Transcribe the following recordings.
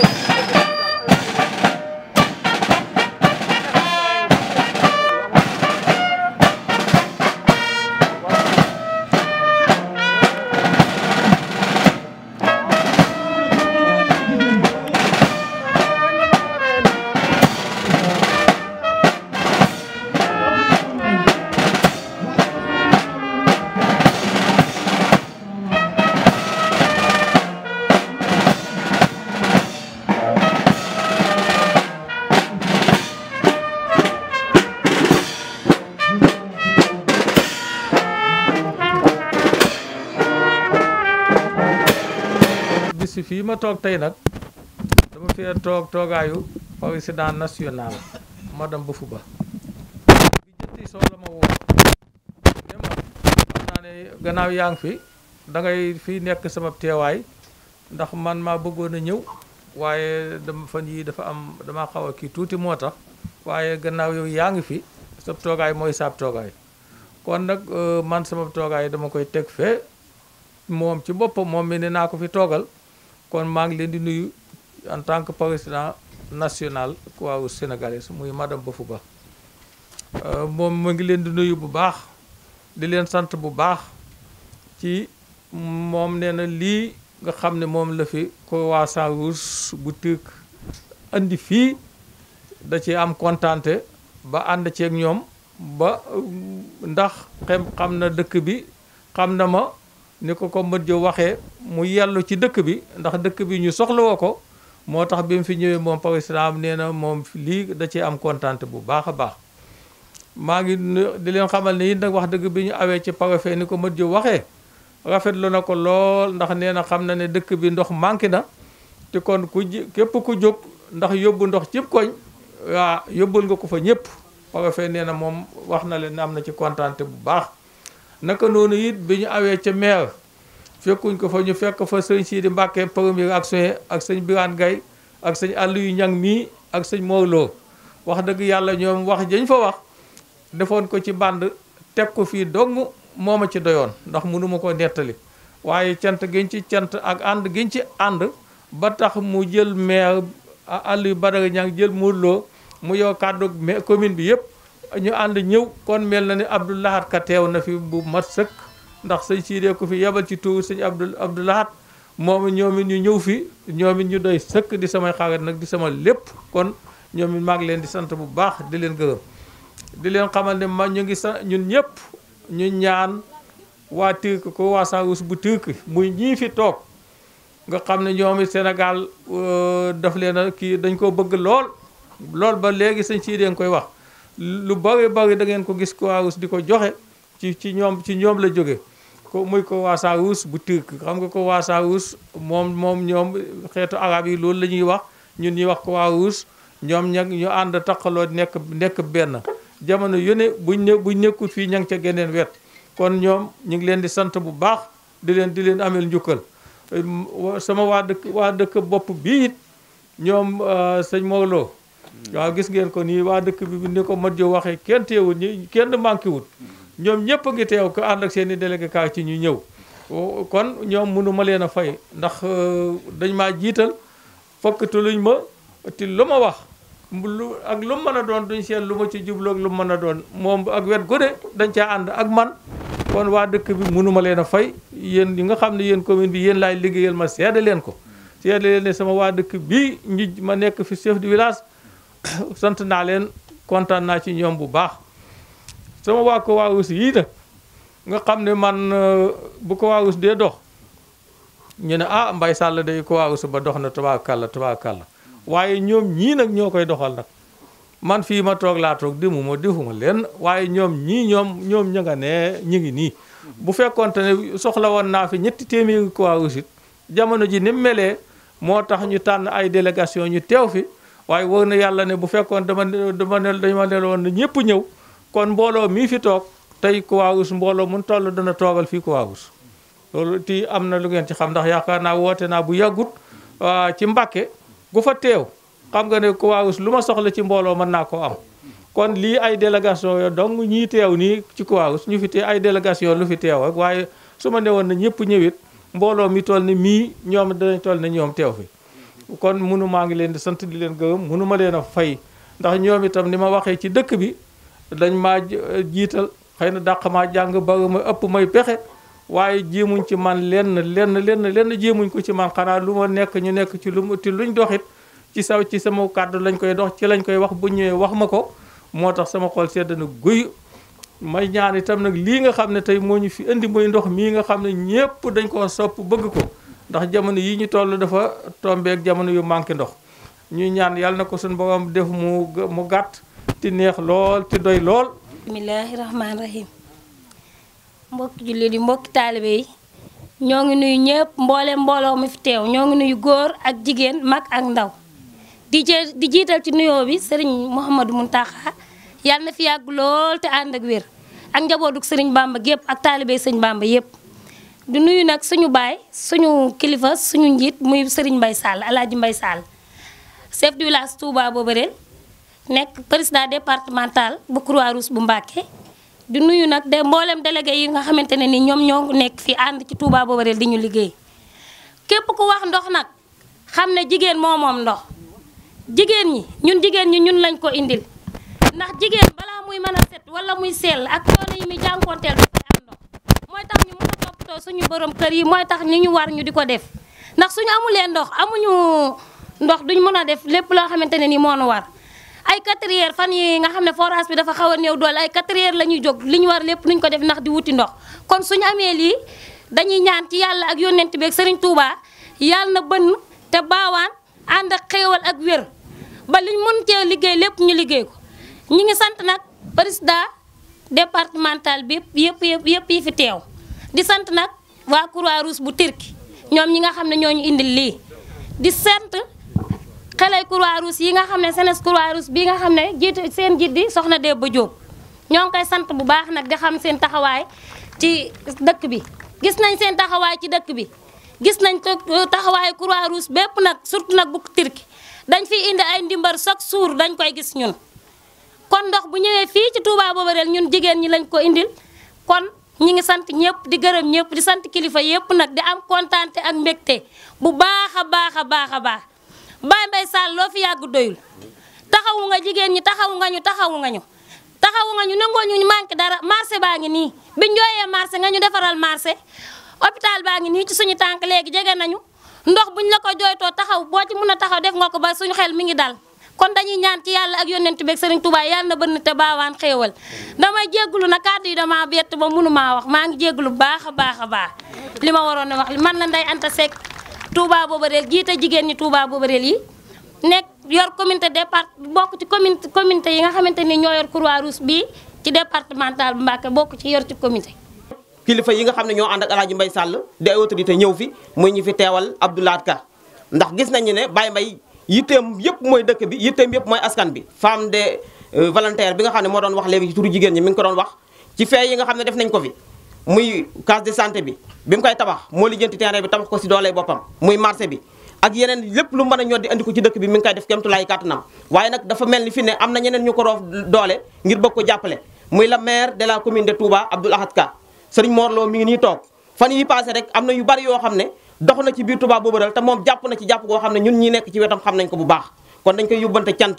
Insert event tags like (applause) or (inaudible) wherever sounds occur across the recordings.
Thank you. fii ma toog tey nag dama fee toog toogaayu président national madame Bafou Ba bi jëtti soo ma woo gannaaw yaa ngi fi da fii nekk sama teewaay ndax man maa bëggoon a ñëw waaye dama fan yii dafa am dama xaw a kii tuuti moo tax waaye gannaaw yow yaa ngi fi sab toogaay mooy saab toogaay kon nag euh, man sama toogaay dama koy teg fee moom ci boppam moom mi ne naa ko fi toogal kon maa ngi leen di nuyu en tant que président national Croix-Rouge sénégalaise muy madame Bafou Ba euh, moom mu ngi leen di nuyu bu baax di leen sant bu baax ci moom nee lii nga xam ne moom la fi Croix-Rouge bu Turc andi fii da ci am kontante ba ànd ceeg ñoom ba euh, ndax xem xam na dëkk bi xam na ma ni ko ko mët jo waxee mu yellu ci dëkk bi ndax dëkk bi ñu soxlawoo ko moo tax bi mu fi ñëwee moom Pape Islam nee na moom lii da cee am kontaan bu baax a baax maa ngi di leen xamal ne nag wax dëgg bi ñu awee ci Pape ni ko mët jo waxee rafetlu na ko lool ndax nee na xam na ne dëkk bi ndox manqué na te kon ku képp ku jóg ndax yóbbu ndox cib koñ waa yóbbul nga ko fa ñëpp na moom wax na leen am na ci kontaan bu baax naka noonu it bi ñu awee ca maire fekkuñ ko fa ñu fekk fa sëñ Sidi Mbàkke premier adjoint ak sëñ Birane Gaye ak sëñ àll yu Niang mii ak sëñ Mor wax dëgg yàlla ñoom wax jañ fa wax defoon ko ci bànd teg ko fii dong mooma ci doyoon ndax mënuma ko nettali waaye cant giñ ci cant ak ànd giñ ci ànd ba tax mu jël maire Aliou Badara Niang jël Mor Lo mu yow kàddu commune bi yëpp ñu ànd ñëw kon mel na ni Abdou Lahad na fi bu mat sëkk ndax sëñ Siidee ko fi yebal ci tuur sëñ Abdou Abdou Lahad moom it ñu ñëw fi ñoom it ñu doy sëkk di samay xarit nag di sama lépp kon ñoom it maa leen di sant bu baax di leen gërëm di leen xamal ne ma ñu ngi sa ñun ñëpp ñu ñaan waa Turki ko waa Sarous bu Turki muy ñii fi toog nga xam ne ñoom it Sénégal euh, daf leen kii dañ koo bëgg lool lool ba léegi sëñ Siidee nga koy wax lu bare bari da ngeen ko gis Croix-Rouge di ko joxe ci ci ñoom ci ñoom la jóge ko muy ko Croix-Rouge bu Turc xam nga ko Croix-Rouge moom moom ñoom xeetu arab yi loolu la ñuy wax ñun ñuy wax ko rouge ñoom ñag ñu ànd taqaloo nekk nekk benn jamono yone buñ ne buñ fii ña ca geneen wet kon ñoom ñu ngi leen di sant bu baax di leen di leen amel njukkal sama waa dëkk waa dëkk bopp bii it ñoom euh, sëñ Mawlo waaw gis ngeen ko nii waa dëkk bi ni ko mat jo waxee kenn teewul ñi kenn manqué wut ñoom ñëpp a ngi teew ko ànd ak seen i délégué ci ñu ñëw kon ñoom mënuma ma leen a fay ndax euh, dañ maa jiital fokkatu luñ ma ti lu ma wax lu ak lu mën a doon duñ seet lu ma ci jublu ak lu mën a doon moom ak wet gude dañ caa ànd ak man kon waa dëkk bi mënuma leen a fay yéen ñi nga xam ne yéen commune bi yéen laay liggéeyal ma seede leen ko seede leen sama waa dëkk bi ñi ma nekk fi chef de village (coughs) sant naa leen kontaan naa ci ñoom bu baax sama waa ko waa us yii nag nga xam ne man euh, bu ko waa us dee dox ñu ne ah mbay sàll day ko waa us ba dox na tubaakàlla tubaakàlla waaye ñoom ñii nag ñoo koy doxal nag man fii ma toog laa toog dimuma leen waaye ñoom ñii ñoom ñoom ña nga ne ñu ngi nii bu fekkonte ne soxla woon naa fi ñetti téeméeri ko waa us jamono ji ni melee moo tax ñu tànn ay délégation ñu teew fi waaye woo na yàlla ne bu fekkoon dama dama ne dañ ma ne woon ñëpp ñëw kon mbooloo mii fi toog tey Croix-Rouge mbooloo mun toll dana toogal fii Croix-Rouge loolu ti am na lu ngeen ci xam ndax yaakaar naa woote naa bu yàggut ci Mbàkke ku fa teew xam nga ne Croix-Rouge lu ma soxla ci mbooloo mën naa ko am kon lii ay délégation yo donc ñii teew nii ci Croix-Rouge ñu fi teew ay délégation lu fi teew rek waaye su ma ne woon na ñëpp ñëwit mbooloo mi toll ni mii ñoom danañ toll ne ñoom teew fi kon munu maa ngi leen di sant di leen gërëm munu ma leen a fay ndax ñoom itam ni ma waxee ci dëkk bi dañ maa jiital xëy na dàq maa jàng bari ma ëpp may pexe waaye jéemuñ ci man lenn lenn lenn lenn jéemuñ ko ci man xanaa lu ma nekk ñu nekk ci lu mu ti luñ doxit ci saw ci sama kàddu lañ koy dox ci lañ koy wax bu ñëwee wax ma ko moo tax sama xol sedd na guy may ñaan itam nag lii nga xam ne tey moo ñu fi indi muy ndox mii nga xam ne ñépp dañ koo sopp bëgg ko ndax jamono yi ñu toll dafa tombeek jamono yu manqué ndox ñuy ñaan yàlla na ko suñu boobam def mu mu gàtt ti neex lool ti doy lool bismillaahi rahmaani rahim mbokki jullit yi mbokki taalibe yi ñoo ngi nuyu ñëpp mboole mbooloo mi fi teew ñoo ngi nuyu góor ak jigéen mag ak ndaw di jël di jiital ci nuyoo bi sëriñ Mouhamadou Mountakha yàlla na fi yàgg lool te ànd ak wér ak njabootuk sëriñ Bamba képp ak taalibee sëriñ Bamba yépp di nuyu nag suñu baay suñu kilifa suñu njiit muy Serigne mbay Sall Alaaji mbay Sall chef du village Touba Boberèle nekk président départemental bu Croix-Rouge bu Mbacké di nuyu nag de mboolem délégué yi nga xamante ne ni ñoom ñoo nekk fi ànd ci Touba Boberèle di ñu liggéey képp ku wax ndox nag xam ne jigéen moo moom ndox jigéen ñi ñun jigéen ñi ñun lañ ko indil ndax jigéen balaa muy man a set wala muy sell ak yoon borom kër yi mooy tax ñu ñu war ñu di ko def ndax suñu amulee ndox amuñu ndox duñ mën a def lépp loo xamante ne nii moo nu war ay quatrière heures fan yi nga xam ne forage bi dafa xaw a néew doole ay 4 heures la ñuy jóg li ñu war lépp nuñ ko def ndax di wuti ndox kon suñu amee lii dañuy ñaan ci yàlla ak yónnent bi ak Serigne Touba yàlla na bënn te baawaan ànd ak xéewal ak wér ba liñ mën cee liggéey lépp ñu liggéey ko ñi ngi sant nag président départemental bi yëpp yëpp yëpp yi fi teew waa Croix-Rouge bu Turquie ñoom ñi nga xam ne ñoo ñu indi lii di sant xelay Croix-Rouge yi nga xam ne senes Croix-Rouge bii nga xam ne jiitu seen jiit di soxna Debba Diop ñoo ngi koy sant bu baax nag di xam seen taxawaay ci dëkk bi gis nañ seen taxawaay ci dëkk bi gis nañ taxawaayu Croix-Rouge bépp nag surtout nag bu Turquie dañ fi indi ay ndimbar chaque jour dañ koy gis ñun kon ndox bu ñëwee fii ci Touba Boberel ñun jigéen ñi lañ ko indil kon ñi ngi sant ñëpp di gërëm ñëpp di sant kilifa yëpp nag di am kontaante ak mbégte bu baax a baax a baax a baax Baye Mbaye Sall loo fi yàgg doyul taxawu nga jigéen ñi taxawu nga ñu taxawu nga ñu. taxawu nga ñu nangoo ñu manqué dara marché baa ngi nii biñ jooyee marché nga ñu defaral marché hôpital baa ngi nii ci suñu tànk léegi jege nañu ndox buñ la ko jooytoo taxaw boo ci mën a taxaw def nga ko ba suñu xel mi ngi dal. kon dañuy ñaan ci yàlla ak yónnent beeg Serigne Touba yàlla na bënn te baawaan xéewal damay jégglu na kàddu yi dama bett ba mënumaa wax maa ngi jégglu baax a baax a baax li ma waroon a wax man la Ndeye Anta Seck Touba Bobareel jiite jigéen ñi Touba Bobareel yi nekk yor communauté départ bokk ci commune communauté yi nga xamante ni ñoo yor Croix-Rouge bii ci départemental bu Mbacké bokk ci yor ci communauté kilifa yi nga xam ne ñoo ànd ak El mbay sàll Sall di ay autorité ñëw fi muy ñu fi teewal Abdou Lahad Ka ndax gis nañu ne Baye Mbaye yitteem yëpp mooy dëkk bi yitteem yëpp mooy askan bi femme de euh, volontaire bi nga xam ne moo doon wax léegi ci turu jigéen ñi mi ngi ko doon wax ci fee yi nga xam ne def nañ ko fi muy case de santé bi bi mu koy tabax moo lijjanti terrain bi tabax ko si doole boppam muy marché bi ak yeneen lépp lu mën a ñor di andi ko ci dëkk bi mi ngi koy def kémtulaay kàttanam waaye nag dafa mel ni fi ne am na ñeneen ñu ko roof doole ngir bëgg ko jàppale muy la maire de la commune de Touba Abdoul Ahad Ka sëriñ Mor Lo ngi nii toog fan yi passé rek am na yu bari yoo xam ne dox na ci biir Touba Bouboural te moom jàpp na ci jàpp goo xam ne ñun ñi nekk ci wetam xam nañ ko bu baax kon dañ koy yóbbante cant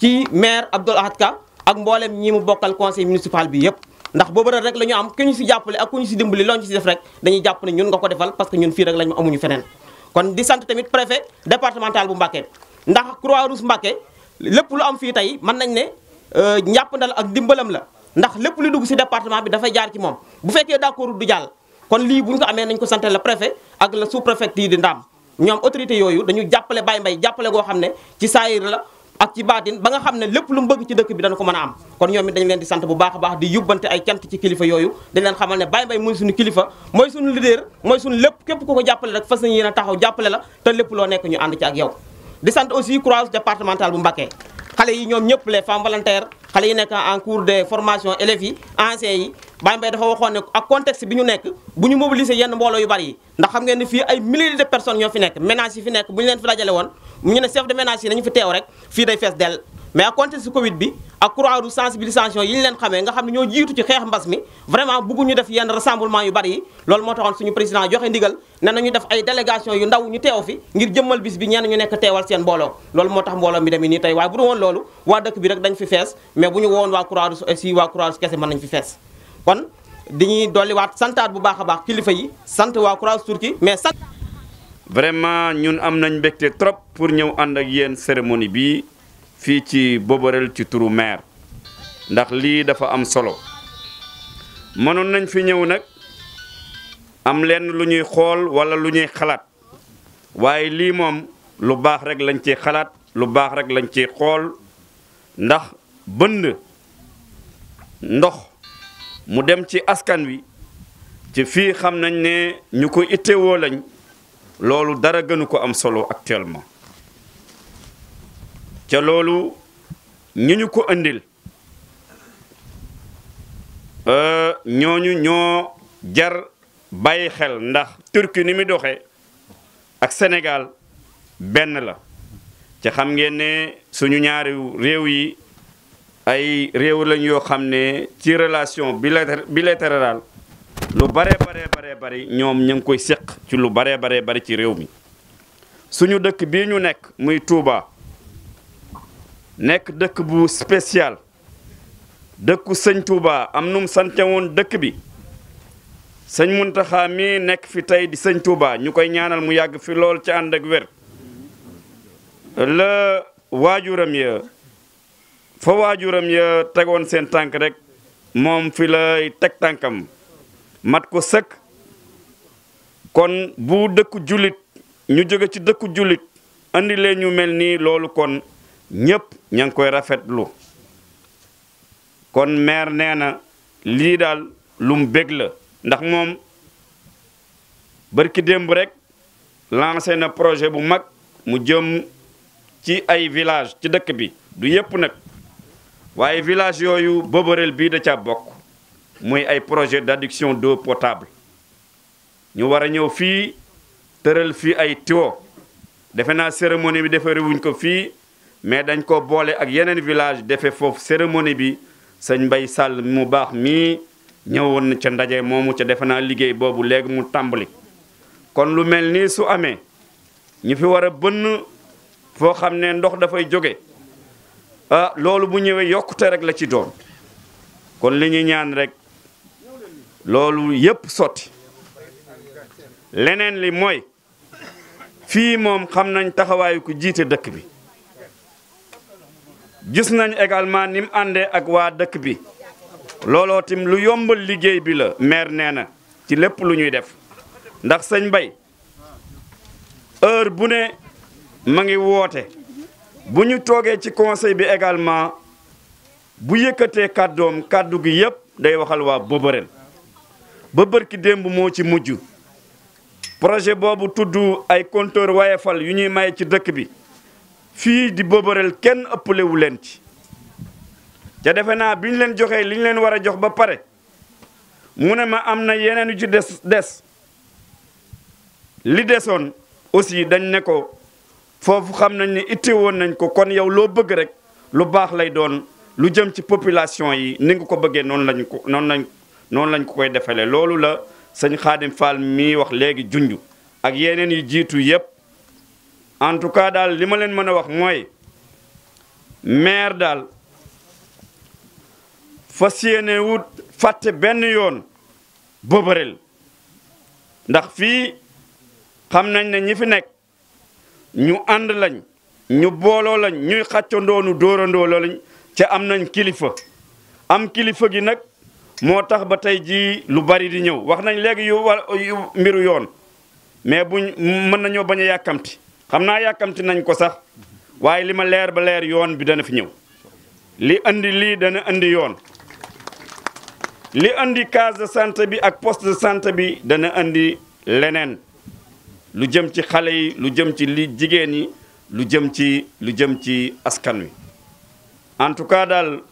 ci maire Abdoul Ahad Ka ak mbooleem ñi mu bokkal conseil municipal bi yëpp ndax Bouboural rek la ñu am ku ñu si jàppale ak ku ñu si dimbali loo ñu si def rek dañuy jàpp ne ñun nga ko defal parce que ñun fii rek lañu amuñu feneen kon di sant tamit préfet départemental bu Mbacké ndax Croix-Rouge Mbacké lépp lu am fii tey mën nañ ne euh, njàppandal ak dimbalam la ndax lépp lu dugg si département bi dafay jaar ci moom bu fekkee d'accord du jàll kon lii bu ñu ko amee nañ ko sante la préfet ak le sous préfet yi di ndaam ñoom autorité yooyu dañu jàppale Baye Mbaye jàppale goo xam ne ci saayir la ak ci baatin ba nga xam ne lépp lu mu bëgg ci dëkk bi dana ko mën a am kon ñoom it dañu leen di sant bu baax a baax di yubbante ay cant ci kilifa yooyu dañ leen xamal ne Baye Mbaye mooy suñu kilifa mooy suñu leader mooy suñu lépp képp ku ko jàppale rek fas nañu yéen a taxaw jàppale la te lépp loo nekk ñu ànd ci ak yow di sant aussi croix départementale bu Mbacké xale yi ñoom ñëpp les femmes volontaires xale yi nekk en cours formation élèves yi yi Baye Mbaye dafa waxoon ne ak contexte bi ñu nekk bu ñu mobiliser yenn mbooloo yu bari yi ndax xam ngeen ne fii ay milliers de personnes ñoo fi nekk ménages yi fi nekk bu ñu leen fi dajale woon ñu ne chef de ménage yi nañu fi teew rek fii day fees dell mais ak contexte Covid bi ak Croix-Rouge yi ñu leen xamee nga xam ne ñoo jiitu ci xeex mbas mi vraiment bëgguñu def yenn rassemblement yu bari yi loolu moo taxoon suñu président joxe ndigal ne nañu def ay délégation yu ndaw ñu teew fi nekk teewal seen mbooloo loolu moo tax mbooloo mi demee nii tey waaye bu du woon loolu waa dëkk bi rek dañ fi fees kon dañuy dolliwaat santaat bu baax a baax kilifa yi sant waa Croix Turquie mais sant. vraiment ñun am nañ mbégte trop pour ñëw ànd ak yéen cérémonie bi fii ci Boborel ci turu maire ndax lii dafa am solo mënoon nañ fi ñëw nag am lenn lu ñuy xool wala lu ñuy xalaat waaye lii moom lu baax rek lañ ci xalaat lu baax rek lañ ci xool ndax bënd ndox mu dem ci askan wi ci fii xam nañ ne ñu ko ittewoo lañ loolu dara gënu ko am solo actuellement ca loolu ñi ñu ko indil euh, ñooñu ñoo jar bàyyi xel ndax Turquie ni muy doxee ak senegal benn la ca xam ngeen ne suñu ñaari réew yi ay réew lañ yoo xam ne ci relation bilatérale lu bare baree baree bari ñoom ñu ngi koy séq ci lu baree baree bari ci réew mi suñu dëkk bii ñu nekk muy tuuba nekk dëkk bu special dëkku sëñ Touba am num sante woon dëkk bi sëñ Muntaxa mii nekk fi tey di sañ Touba ñu koy ñaanal mu yàgg fi lool ci ànd ak wér la waajuram ya fa waajuram ya tegoon seen tànk rek moom fi lay teg tànkam mat ko sëkk kon bu dëkku jullit ñu jóge ci dëkku jullit andi leen ñu mel nii loolu kon ñépp ña ngi koy rafetlu kon maire nee na lii daal lum bég la ndax moom barki démb rek lancé na projet bu mag mu jëm ci ay village ci dëkk bi du yépp nag waaye village yooyu Boborel bii da ca bokk muy ay projet d'adduction de potable ñu war a ñëw fii tëral fii ay tiwo defe naa cérémonie bi defe wuñ ko fii mais dañ ko boole ak yeneen village defe foofu cérémonie bi sëñ Mbay Sàll mu baax mii ñëwoon na ca ndaje moomu ca defe naa liggéey boobu léegi mu tàmbali kon lu mel nii su amee ñu fi war a bënn foo xam ne ndox dafay jóge ah loolu bu ñëwee yokkute rek la ci doon kon li ñu ñaan rekk loolu yépp sotti leneen li mooy fii moom xam nañ taxawaayu ku jiite dëkk bi gis nañ également ni mu àndee ak waa dëkk bi looloo tim lu yombal liggéey bi la maire nee na ci lépp lu ñuy def ndax sëñ Bay heure bu ne ma ngi woote bu ñu toogee ci conseil bi également bu yëkkatee kàddoom kàddu gi yépp day waxal waa Boborel ba bërki démb moo ci mujj projet boobu tudd ay waaye fal yu ñuy maye ci dëkk bi fii di Boborel kenn ëpplewu leen ci te defe naa bi ñu leen joxee li ñu leen war a jox ba pare mu ne ma am na yeneen yu ci des des li desoon aussi dañ ne ko foofu xam nañ ne itte nañ ko kon yow loo bëgg rek lu baax lay doon lu jëm ci population yi ni ko bëggee noonu lañ ko noonu lañ noonu lañ ko koy defalee loolu la sañ Xaadim Fall mii wax léegi junj ak yeneen yi jiitu yépp en tout cas daal li ma leen mën a wax mooy maire daal fa yéene wut fàtte benn yoon Boberel ndax fii xam nañ ne ñi fi nekk ñu ànd lañ ñu booloo lañ ñuy xàccandoonu dóorandoo lañ ca am nañ kilifa am kilifa gi nag moo tax ba tey jii lu bari di ñëw wax nañ léegi yu mbiru yoon mais bu mën nañoo bañ a yàkkamti xam naa yàkkamti nañ ko sax waaye li ma leer ba leer yoon bi dana fi ñëw li andi lii dana andi yoon li andi case sant bi ak poste sant bi dana indi leneen lu jëm ci xale yi lu jëm ci li jigéen yi lu jëm ci lu jëm ci askan wi en tout cas daal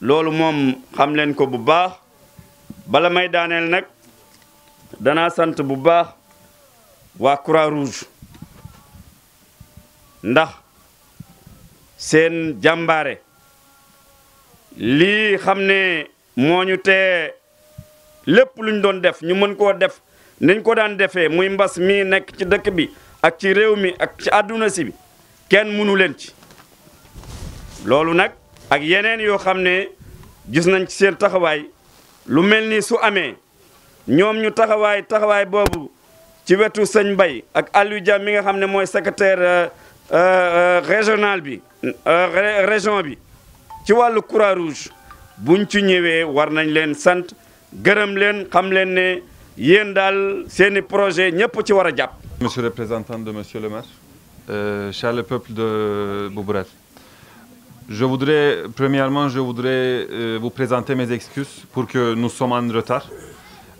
loolu moom xam leen ko bu baax bala may daaneel nag danaa sant bu baax waa Croix-Rouge ndax seen jàmbaare lii xam ne moo ñu tee lépp luñ doon def ñu mën koo def niñ ko daan defee muy mbas mii nekk ci dëkk bi ak ci réew mi ak ci àdduna si bi kenn mënu leen ci loolu nag ak yeneen yoo xam ne gis nañ ci seen taxawaay lu mel ni su amee ñoom ñu taxawaay taxawaay boobu ci wetu sëñ Mbay ak Aliou Dia mi nga xam ne mooy secrétaire euh, euh, régional bi euh, région bi ci wàllu Croix-Rouge buñ ci ñëwee war nañ leen sant gërëm leen xam leen ne yéen daal seen projet ñëpp ci war a jàpp. monsieur le représentant de monsieur le maire euh, cher le peuple de Bourbourel je voudrais premièrement je voudrais euh, vous présenter mes excuses pour que nous sommes en retard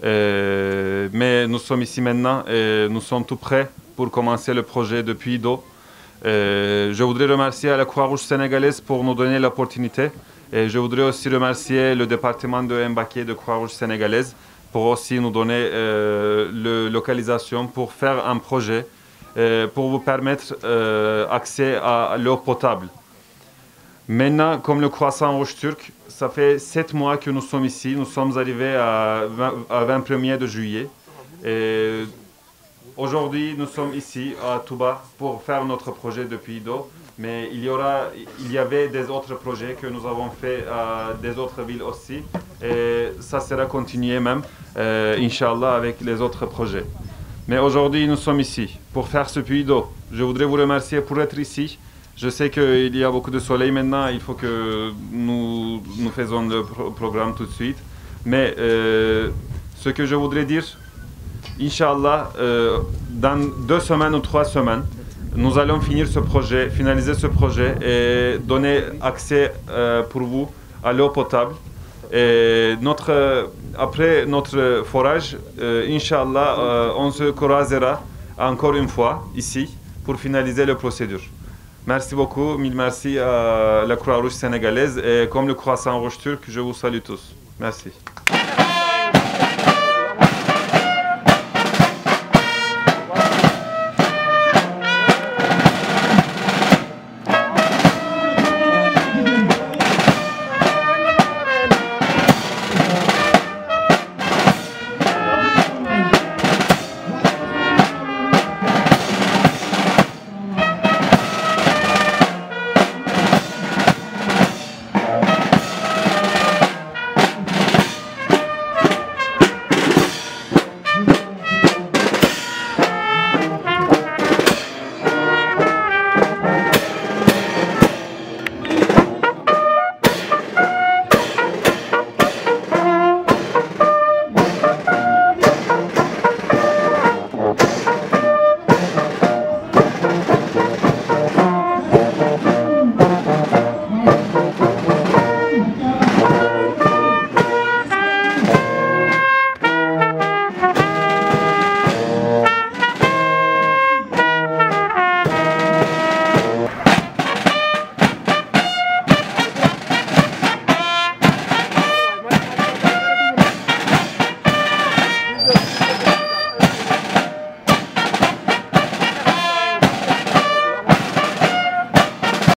euh, mais nous sommes ici maintenant et nous sommes tout prêts pour commencer le projet de Puy d'Eau euh, je voudrais remercier à la Croix-Rouge sénégalaise pour nous donner l'opportunité et je voudrais aussi remercier le département de Mbacké de Croix-Rouge sénégalaise pour aussi nous donner euh, la localisation pour faire un projet euh, pour vous permettre euh, accès à l'eau potable. Maintenant, comme le croissant rouge turc, ça fait sept mois que nous sommes ici. Nous sommes arrivés à, 20, à 21er de juillet. Aujourd'hui, nous sommes ici à Touba pour faire notre projet de Puy d'eau. Mais il y, aura, il y avait des autres projets que nous avons fait à des autres villes aussi. Et ça sera continué même, euh, Inch'Allah, avec les autres projets. Mais aujourd'hui, nous sommes ici pour faire ce puits d'eau. Je voudrais vous remercier pour être ici. Je sais qu'il y a beaucoup de soleil maintenant, il faut que nous, nous faisons le pro programme tout de suite. Mais euh, ce que je voudrais dire, Inch'Allah, euh, dans deux semaines ou trois semaines, Nous allons finir ce projet, finaliser ce projet et donner accès euh, pour vous à l'eau potable. Et notre, euh, après notre forage, euh, Inch'Allah, euh, on se croisera encore une fois ici pour finaliser la procédure. Merci beaucoup, mille merci à la Croix-Rouge sénégalaise et comme le Croissant Rouge turc, je vous salue tous. Merci.